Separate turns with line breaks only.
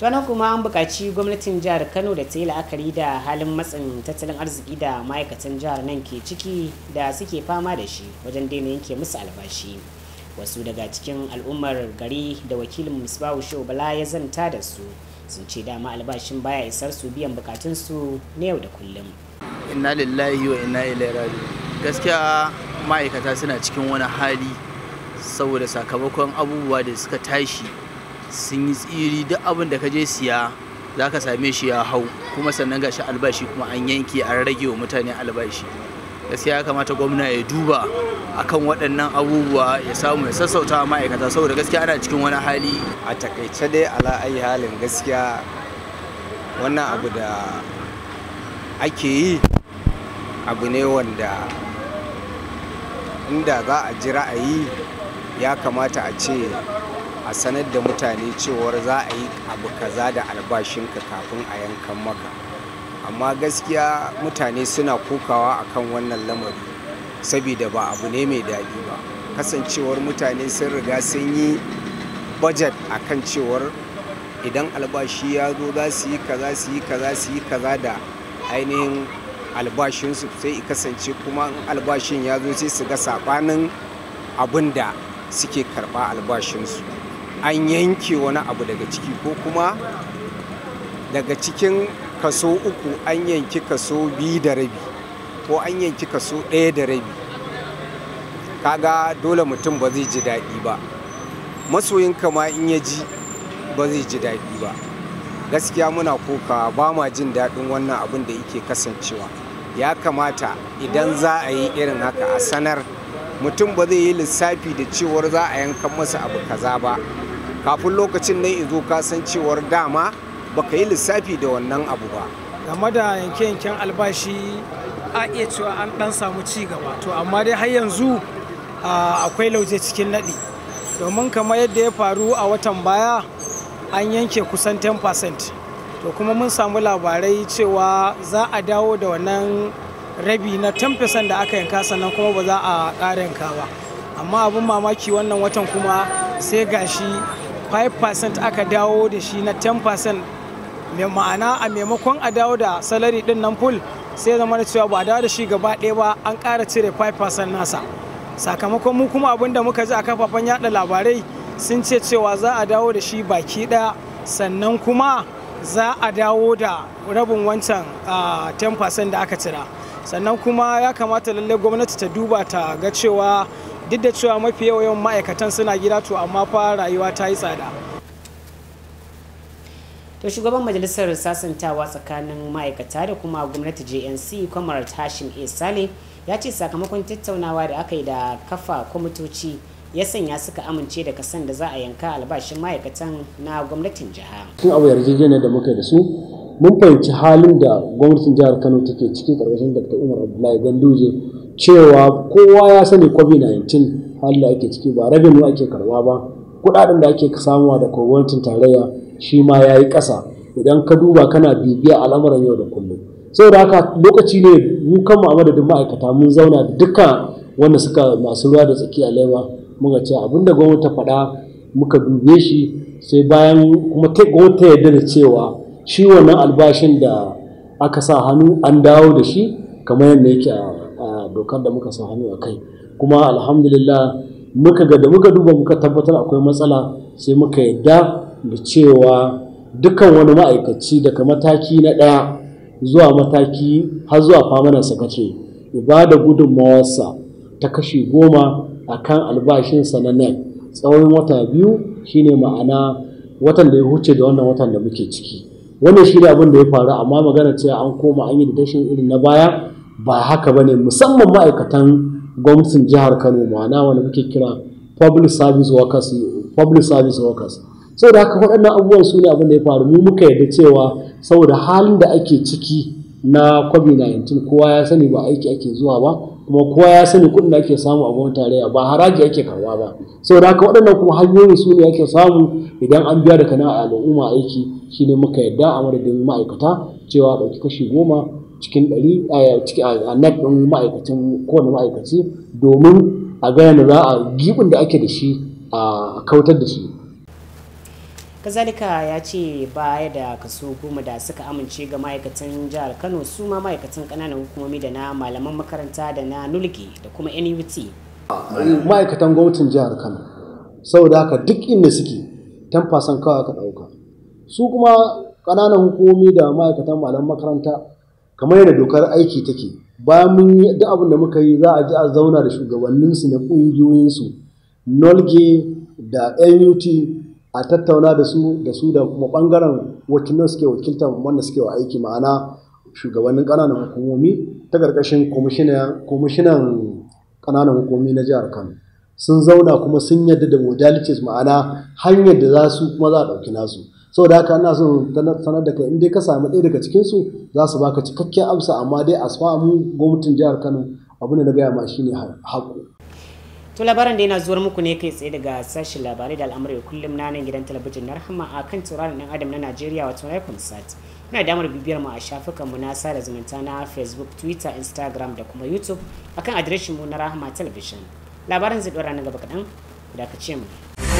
tuwanan kuma an bukaci gwamnatin jihar kano da ta yi la'akari da halin matsin tattalin arziki da ma'aikatan jihar nan ke ciki da suke fama da shi wajen daina yanke musu albashi wasu daga cikin al'ummar gari da wakilin musbahu shehu bala ya zanta da su sun ce dama albashin baya isar su biyan bukatunsu na yau da kullum inna lillahi wa inna ilaihi raji'un
gaskiya ma'aikata suna cikin wani hali saboda sakamakon abubuwa da suka tashi sun yi tsiri duk abin da ka je siya za ka same shi ya hau kuma sannan gashi albashi kuma an yanke an rage wa mutane albashi gaskiya ya kamata gwamna ya duba akan waɗannan abubuwa ya samu ya sassauta ma'aikata saboda gaskiya ana cikin wani hali a takaice dai ala ayi halin gaskiya wannan abu da ake yi abu ne wanda inda za a ji ra'ayi ya kamata a ce a sanar da mutane cewar za a yi abu kaza da albashinka kafin a yankan maka amma gaskiya mutane suna kokawa akan wannan lamari saboda ba abu ne mai daɗi ba kasancewar mutane sun riga sun yi budget kan cewar idan albashi ya zo za su yi kaza su yi kaza su yi kaza da ainihin albashinsu sai kasance kuma in albashin ya zo sai su ga saɓanin abin da suke karɓa albashinsu an yanke wani abu daga ciki ko kuma daga cikin kaso uku an yanki kaso biyu da rabi ko an yanki kaso ɗaya da rabi kaga dole mutum ba zai ji daɗi ba masoyin kama in ya ji ba zai ji daɗi ba gaskiya muna koka ba ma jin daɗin wannan abin da yake kasancewa ya kamata idan za a yi irin haka a sanar mutum ba zai yi lissafi da cewar za a yankan masa abu kaza ba kafin lokacin nan izo ka san cewar dama baka yi lissafi da wannan abu ba
game da yanke-yanken albashi a iya cewa an dan samu ci gaba to amma dai har yanzu akwai lauje cikin naɗi domin kamar yadda ya faru a watan baya an yanke kusan 10% to kuma mun samu labarai cewa za a dawo da wannan rabi na 10% da aka yanka sannan kuma ba za a ƙara yanka ba amma abin mamaki wannan watan kuma sai gashi 5% aka dawo da shi na 10% mai ma'ana a maimakon a dawo da salari din nan full sai zama da cewa ba a dawo da shi gaba ɗaya ba an ƙara cire 5% nasa sakamakon mu kuma abin da muka ji a kafafen yada labarai sun ce cewa za a dawo da shi baki ɗaya sannan kuma za a dawo da rabin wancan 10% da aka cira sannan kuma ya kamata lallai gwamnati ta duba ta ga cewa duk da cewa mafi yawan ma'aikatan suna gida to amma fa rayuwa ta yi tsada
to shugaban majalisar sasantawa tsakanin ma'aikata da kuma gwamnati jnc kwamar hashim a sale ya ce sakamakon tattaunawa da aka yi da kafa kwamitoci ya sanya suka amince da kasan da za a yanka albashin ma'aikatan na gwamnatin jiha
cikin abu yarjejeniya da muka da su mun fahimci halin da gwamnatin jihar kano take ciki karkashin dr umar abdullahi ganduje cewa kowa ya sani covid-19 halin da ake ciki ba rabin revenue ake karba ba kudaden da ake samuwa da gwamnatin tarayya shi ma ya yi ƙasa idan ka duba kana bibiya al'amuran yau da kullum da haka lokaci ne mu kanmu a madadin ma'aikata mun zauna da dukkan wanda suka masu ruwa da tsakiya laiba muka ce abin da gwamnati ta faɗa muka dube shi sai bayan kuma gwamnati yadda yarda da cewa shi wannan albashin da aka sa hannu an dawo da shi kamar yadda yake a dokar da muka sa hannu a kai kuma alhamdulillah muka ga da muka duba muka tabbatar akwai matsala sai muka yadda da cewa dukkan wani ma'aikaci daga mataki na ɗaya zuwa mataki har zuwa famanan sakatare ba da gudunmawarsa ta kashi goma a kan albashinsa na nan tsawon wata biyu shine ma'ana watan da ya huce da wannan watan da muke ciki wannan shi ne abin da ya faru amma magana cewa an koma an yi da tashin irin na baya ba haka ne musamman ma'aikatan gwamnatin jihar Kano ma'ana wanda muke kira public service workers public service workers da haka waɗannan abubuwan su ne abin da ya faru mu muka yarda cewa saboda halin da ake ciki na covid-19 kowa ya sani ba aiki ake zuwa ba kuma kowa ya sani kuɗin da ake samu a gwamnatin tarayya ba haraji ake karwa ba Sau da haka waɗannan kuma hanyoyi su ne ake samu idan an biya da kana al'umma aiki shine muka yarda a madadin ma'aikata cewa ɗauki kashi goma cikin ɗari eh, eh, a net ɗin ma'aikacin kowane ma'aikaci domin a gane za a gibin da ake da shi a kautar da shi
kazalika ya ce baya da kaso goma da suka amince ga ma'aikatan jihar kano su ma ma'aikatan ƙananan hukumomi da na malaman makaranta da na Nulge da kuma nut
ma'aikatan gwamnatin jihar kano saboda haka duk inda suke tamfasan kawai ka ɗauka su kuma ƙananan hukumomi da ma'aikatan malaman makaranta kamar yadda dokar aiki take bayan mun yi duk abin da muka yi za a ji a zauna da shugabanninsu na ƙungiyoyinsu nolge da nut a tattauna da su da su da kuma ɓangaren wakilan suke wakiltar wanda suke wa aiki ma'ana shugabannin ƙananan hukumomi ta ƙarƙashin kwamishinan ƙananan hukumomi na jihar kano sun zauna kuma sun yadda da modalities ma'ana hanyar da za su kuma za a ɗauki nasu sau da haka ina son sanar da kai in dai ka samu ɗaya daga cikinsu su za su baka cikakken amsa amma dai a samu gwamnatin jihar Kano abu ne na gaya ma shine haƙo
to labaran da yana zuwar muku ne kai tsaye daga sashen labarai da al'amuran kullum na nan gidan talabijin na rahama a kan tsoron dan adam na Najeriya wato raikon Sat muna damar bibiyar mu a shafukan mu na sada zumunta na Facebook Twitter Instagram da kuma YouTube akan adireshin mu na rahama television labaran zai ɗora na gaba
kaɗan da ka ce mu